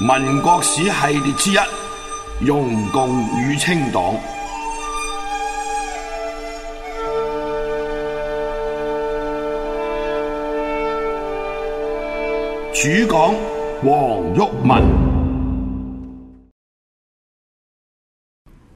民國史系列之一，容共與清黨，主講黃毓民。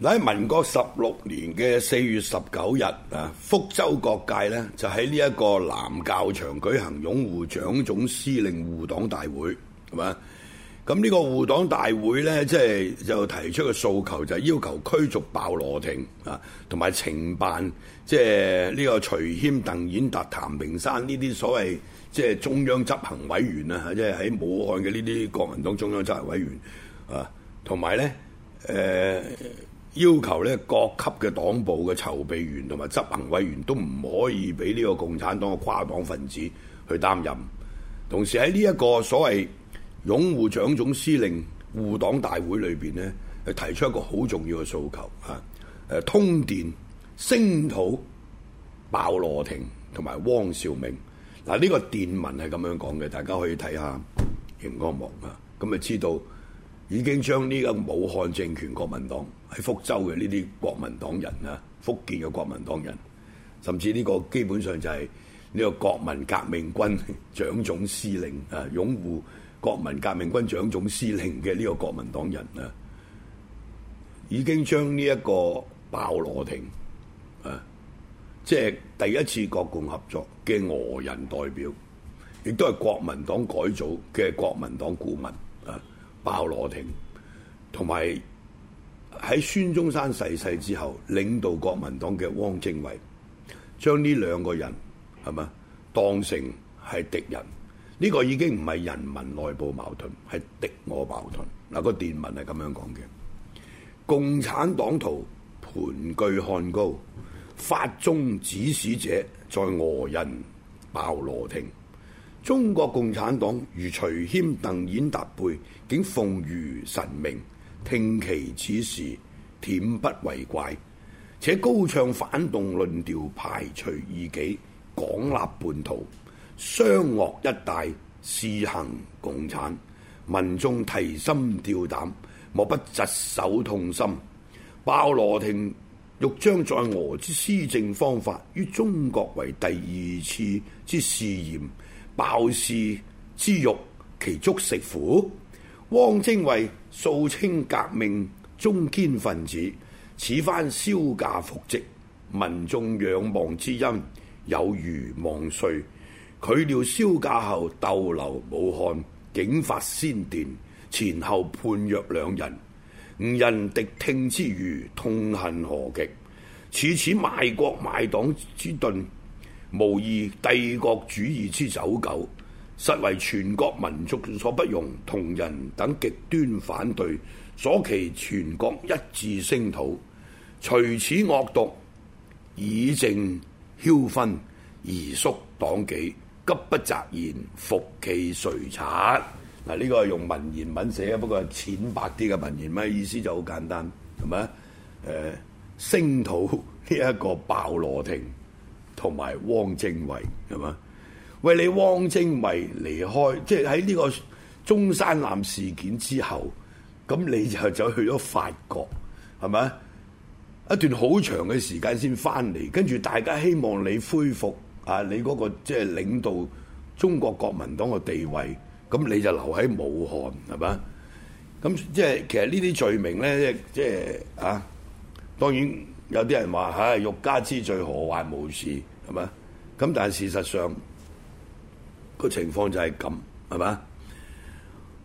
嗱喺民國十六年嘅四月十九日啊，福州各界咧就喺呢一個南教場舉行擁護蔣總司令護黨大會，係嘛？咁呢個護黨大會咧，即係就提出嘅訴求就係要求驅逐鮑羅廷啊，同埋懲辦即係呢個徐謙、鄧演達、譚平山呢啲所謂即係中央執行委員啊，即係喺武漢嘅呢啲國民黨中央執行委員啊，同埋咧誒要求咧各級嘅黨部嘅籌備員同埋執行委員都唔可以俾呢個共產黨嘅跨黨分子去擔任，同時喺呢一個所謂擁護蔣總司令護黨大會裏邊呢，係提出一個好重要嘅訴求啊！誒，通電聲討鮑羅廷同埋汪兆銘。嗱、啊，呢、這個電文係咁樣講嘅，大家可以睇下熒光幕啊。咁咪知道已經將呢個武漢政權國民黨喺福州嘅呢啲國民黨人啊，福建嘅國民黨人，甚至呢個基本上就係呢個國民革命軍蔣總司令啊擁護。國民革命軍蔣總司令嘅呢個國民黨人啊，已經將呢一個鮑羅廷啊，即係第一次國共合作嘅俄人代表，亦都係國民黨改組嘅國民黨顧問啊，鮑羅廷同埋喺孫中山逝世之後領導國民黨嘅汪精衛，將呢兩個人係嘛當成係敵人。呢個已經唔係人民內部矛盾，係敵我矛盾。嗱、那，個電文係咁樣講嘅：共產黨徒盤踞漢高，法中指使者在俄人鮑羅廷。中國共產黨如徐謙、鄧演達輩，竟奉如神明，聽其此事恬不為怪，且高唱反動論調，排除異己，廣立叛徒。湘鄂一帶，施行共產，民眾提心吊膽，莫不疾首痛心。鮑羅廷欲將在俄之施政方法於中國為第二次之試驗，鮑氏之欲其足食苦。汪精衛素稱革命中堅分子，此番銷假復職，民眾仰望之恩，有如望歲。佢料銷假後逗留武漢，警發先電，前後判若兩人。吳人敵聽之餘，痛恨何極？此此賣國賣黨之盾，無異帝國主義之走狗，實為全國民族所不容。同人等極端反對，所期全國一致聲討。除此惡毒，以正囂紛而縮黨紀。急不擇言，伏其誰察？嗱，呢個係用文言文寫嘅，不過淺白啲嘅文言文，意思就好簡單，係咪？誒、呃，聲討呢一個鮑羅廷同埋汪精衛，係咪？餵你汪精衛離開，即係喺呢個中山艦事件之後，咁你就走去咗法國，係咪？一段好長嘅時間先翻嚟，跟住大家希望你恢復。啊！你嗰，那個即係、就是、領導中國國民黨嘅地位，咁你就留喺武漢係嘛？咁即係其實呢啲罪名咧，即、就、係、是、啊！當然有啲人話，唉、啊，欲加之罪，何患無辭」，係嘛？咁但係事實上個情況就係咁係嘛？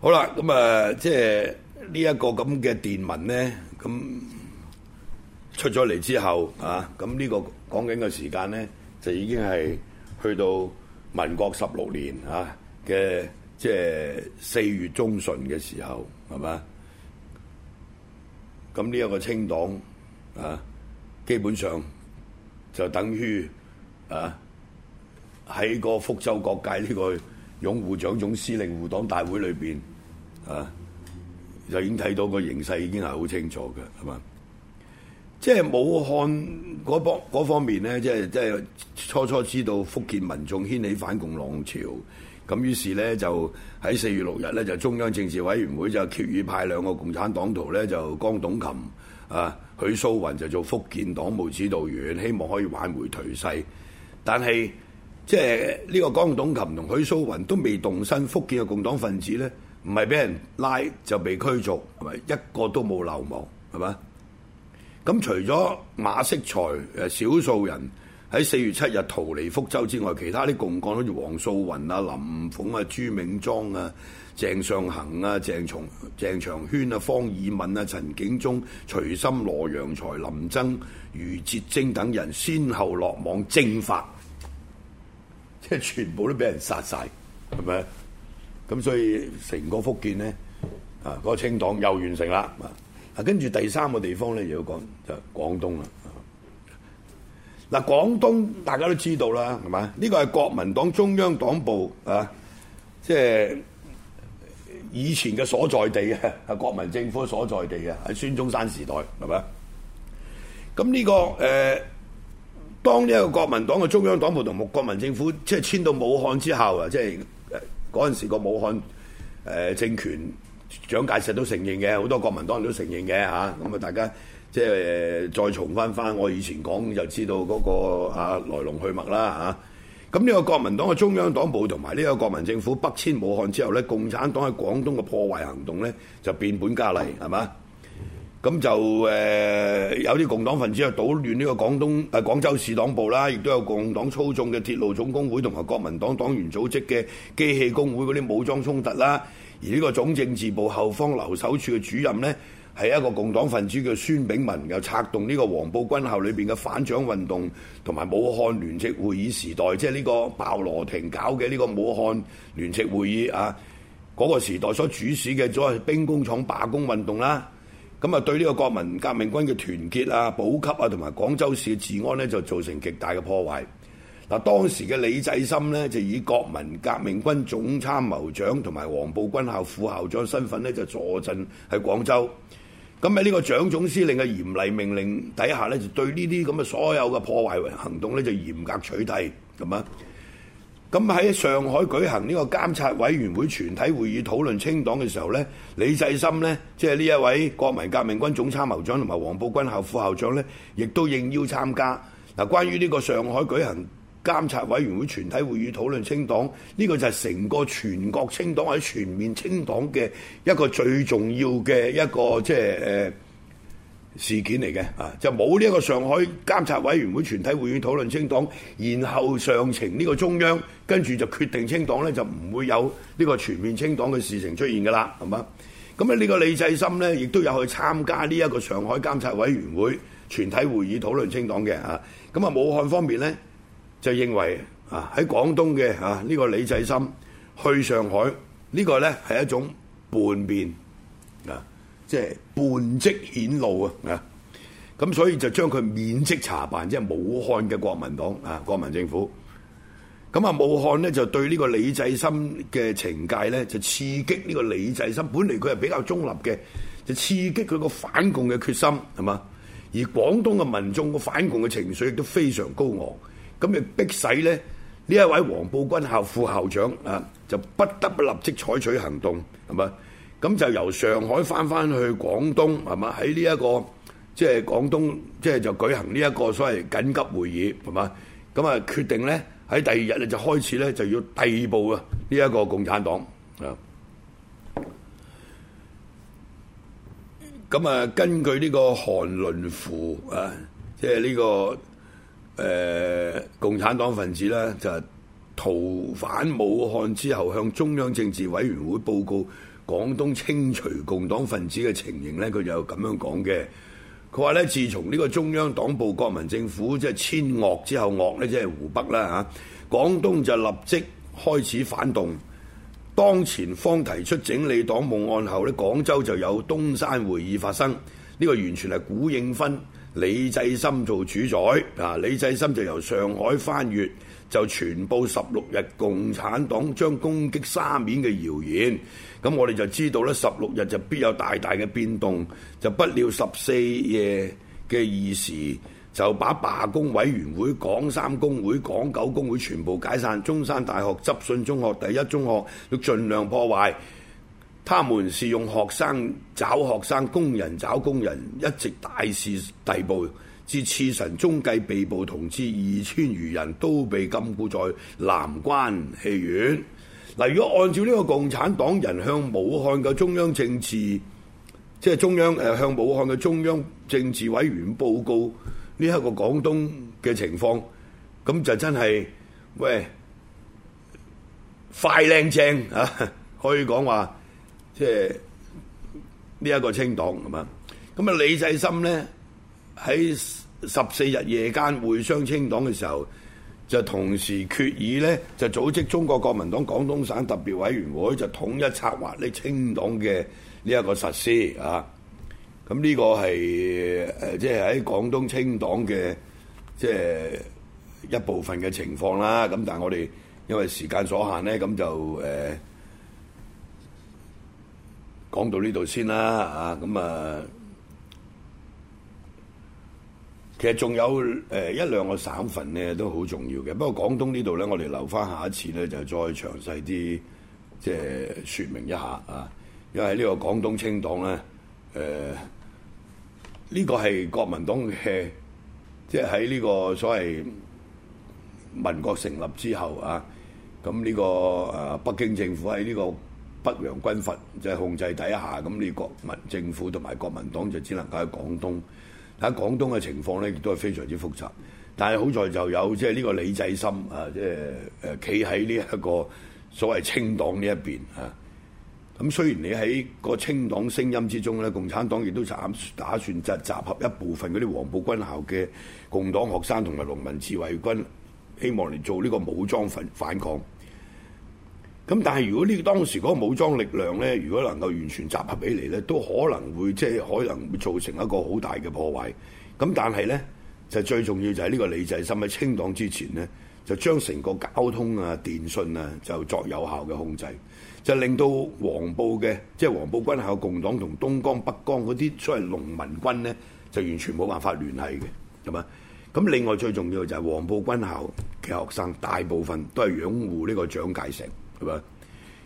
好啦，咁啊，即係呢一個咁嘅電文咧，咁出咗嚟之後啊，咁、這個、呢個講緊嘅時間咧。就已經係去到民國十六年啊嘅即係四月中旬嘅時候，係嘛？咁呢一個清黨啊，基本上就等於啊喺個福州各界呢個擁護蔣總司令護黨大會裏邊啊，就已經睇到個形勢已經係好清楚嘅，係嘛？即係武漢嗰方方面咧，即係即係初初知道福建民眾掀起反共浪潮，咁於是咧就喺四月六日咧就中央政治委員會就決議派兩個共產黨徒咧就江董琴啊許蘇雲，就做福建黨務指導員，希望可以挽回頹勢。但係即係呢、呢個江董琴同許蘇雲都未動身，福建嘅共黨分子咧唔係俾人拉就被驅逐，係咪一個都冇流亡，係嘛？咁除咗馬色才，誒少數人喺四月七日逃離福州之外，其他啲共幹好似黃素雲啊、林鳳啊、朱銘莊啊、鄭尚恒、啊、鄭從、鄭長軒啊、方以敏啊、陳景忠、徐琛、羅揚才、林曾、余哲貞等人，先後落網正法，即係全部都俾人殺晒。係咪？咁所以成個福建呢，啊、那，個清黨又完成啦。嗱，跟住第三個地方咧，又要講就廣東啦、啊。嗱、啊，廣東大家都知道啦，係嘛？呢、這個係國民黨中央黨部啊，即係、就是、以前嘅所在地啊，國民政府所在地啊，喺孫中山時代，係嘛？咁呢、這個誒、呃，當呢個國民黨嘅中央黨部同國民政府即係遷到武漢之後啊，即係嗰陣時個武漢誒、呃、政權。蔣介石都承認嘅，好多國民黨人都承認嘅嚇，咁啊大家即係再重翻翻我以前講就知道嗰、那個啊來龍去脈啦嚇。咁、啊、呢個國民黨嘅中央黨部同埋呢個國民政府北遷武漢之後呢，共產黨喺廣東嘅破壞行動呢就變本加厲，係嘛？咁就誒、呃、有啲共黨分子又搗亂呢個廣東啊廣州市黨部啦，亦、啊、都有共黨操縱嘅鐵路總工會同埋國民黨黨員組織嘅機器工會嗰啲武裝衝突啦。啊啊而呢個總政治部後方留守處嘅主任呢，係一個共黨分子叫孫炳文，又策動呢個黃埔軍校裏邊嘅反蔣運動，同埋武漢聯席會議時代，即係呢個鮑羅廷搞嘅呢個武漢聯席會議啊，嗰、那個時代所主使嘅所謂兵工廠罷工運動啦，咁啊就對呢個國民革命軍嘅團結啊、補給啊，同埋廣州市嘅治安呢，就造成極大嘅破壞。嗱，當時嘅李濟深咧就以國民革命軍總參謀長同埋黃埔軍校副校長身份咧就坐鎮喺廣州。咁喺呢個蔣總司令嘅嚴厲命令底下咧，就對呢啲咁嘅所有嘅破壞行動咧就嚴格取締，係嘛？咁喺上海舉行呢個監察委員會全體會議討論清黨嘅時候咧，李濟深咧即係呢、就是、一位國民革命軍總參謀長同埋黃埔軍校副校長咧，亦都應邀參加。嗱，關於呢個上海舉行。監察委員會全體會議討論清黨，呢、這個就係成個全國清黨喺全面清黨嘅一個最重要嘅一個即係、呃、事件嚟嘅啊！就冇呢一個上海監察委員會全體會議討論清黨，然後上呈呢個中央，跟住就決定清黨呢就唔會有呢個全面清黨嘅事情出現噶啦，係嘛？咁啊呢個李濟深呢，亦都有去參加呢一個上海監察委員會全體會議討論清黨嘅啊！咁啊，武漢方面呢。就認為啊，喺廣東嘅啊呢、這個李濟深去上海呢、這個呢係一種叛變啊，即係叛跡顯露啊，咁所以就將佢免職查辦，即係武漢嘅國民黨啊，國民政府。咁啊，武漢呢就對呢個李濟深嘅懲戒呢，就刺激呢個李濟深，本嚟佢係比較中立嘅，就刺激佢個反共嘅決心係嘛？而廣東嘅民眾個反共嘅情緒亦都非常高昂。咁就迫使咧呢一位黃埔軍校副校長啊，就不得不立即採取行動，係嘛？咁就由上海翻翻去廣東，係嘛？喺呢一個即係廣東，即係就舉行呢一個所謂緊急會議，係嘛？咁啊，決定咧喺第二日咧就開始咧就要逮捕啊呢一個共產黨啊。咁啊，根據呢個韓麟符啊，即係呢個。誒、呃、共產黨分子咧，就逃返武漢之後，向中央政治委員會報告廣東清除共黨分子嘅情形咧，佢就咁樣講嘅。佢話咧，自從呢個中央黨部國民政府即係遷鄂之後，鄂呢即係湖北啦，嚇、啊，廣東就立即開始反動。當前方提出整理黨務案後呢，廣州就有東山會議發生。呢、這個完全係古應芬。李濟深做主宰，啊！李濟深就由上海翻越，就全部十六日共產黨將攻擊沙面嘅謠言，咁我哋就知道呢十六日就必有大大嘅變動。就不料十四夜嘅二時，就把罷工委員會、港三工會、港九工會全部解散，中山大學、執信中學、第一中學都盡量破壞。他們是用學生找學生、工人找工人，一直大肆逮捕，至次晨中計被捕同志二千餘人都被禁錮在南關戲院。嗱，如果按照呢個共產黨人向武漢嘅中央政治，即係中央誒向武漢嘅中央政治委員報告呢一個廣東嘅情況，咁就真係喂快靚正啊！可以講話。即係呢一個清黨咁啊！咁啊李濟深咧喺十四日夜間會商清黨嘅時候，就同時決議咧就組織中國國民黨廣東省特別委員會，就統一策劃呢清黨嘅呢一個實施啊！咁、這、呢個係誒即係喺廣東清黨嘅即係一部分嘅情況啦。咁但係我哋因為時間所限咧，咁就誒。呃講到呢度先啦，嚇咁啊，其實仲有誒一兩個省份咧都好重要嘅。不過廣東呢度咧，我哋留翻下一次咧，就再詳細啲即係説明一下啊。因為呢個廣東清黨咧，誒呢個係國民黨嘅，即係喺呢個所謂民國成立之後啊，咁呢個誒北京政府喺呢個，北洋軍閥即係控制底下，咁你國民政府同埋國民黨就只能夠喺廣東。但喺廣東嘅情況咧，亦都係非常之複雜。但係好在就有即係呢個李濟深啊，即係誒企喺呢一個所謂清黨呢一邊啊。咁雖然你喺個清黨聲音之中咧，共產黨亦都打打算集集合一部分嗰啲黃埔軍校嘅共黨學生同埋農民自衛軍，希望嚟做呢個武裝反反抗。咁但係如果呢個當時嗰個武裝力量咧，如果能夠完全集合起嚟咧，都可能會即係、就是、可能會造成一個好大嘅破壞。咁但係咧，就最重要就係呢個李濟深喺清黨之前咧，就將成個交通啊、電信啊，就作有效嘅控制，就令到黃埔嘅即係黃埔軍校共黨同東江、北江嗰啲所謂農民軍咧，就完全冇辦法聯繫嘅，係嘛？咁另外最重要就係黃埔軍校嘅學生大部分都係擁護呢個蔣介石。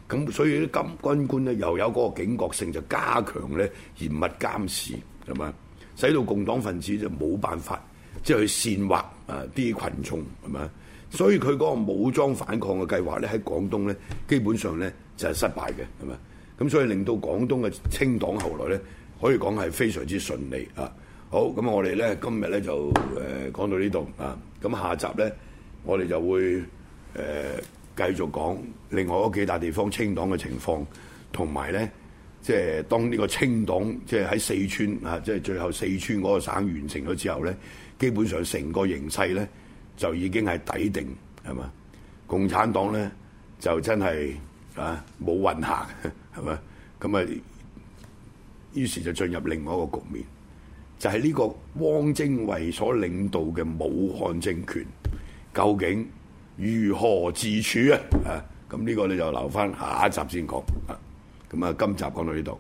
咁所以啲金軍官咧又有嗰個警覺性，就加強咧嚴密監視，係咪？使到共黨分子就冇辦法即係去煽惑啊啲群眾，係咪？所以佢嗰個武裝反抗嘅計劃咧喺廣東咧，基本上咧就係、失敗嘅，係咪？咁所以令到廣東嘅清黨後來咧，可以講係非常之順利啊。好，咁我哋咧今日咧就誒、呃、講到呢度啊。咁下集咧我哋就會誒，呃繼續講另外嗰幾大地方清黨嘅情況，同埋咧，即係當呢個清黨即係喺四川啊，即係最後四川嗰個省完成咗之後咧，基本上成個形勢咧就已經係底定係嘛？共產黨咧就真係啊冇運行係嘛？咁啊，於是就進入另外一個局面，就係呢個汪精衛所領導嘅武漢政權究竟如何自處啊？啊，咁呢個你就留翻下，下一集先講。啊，咁啊，今集講到呢度。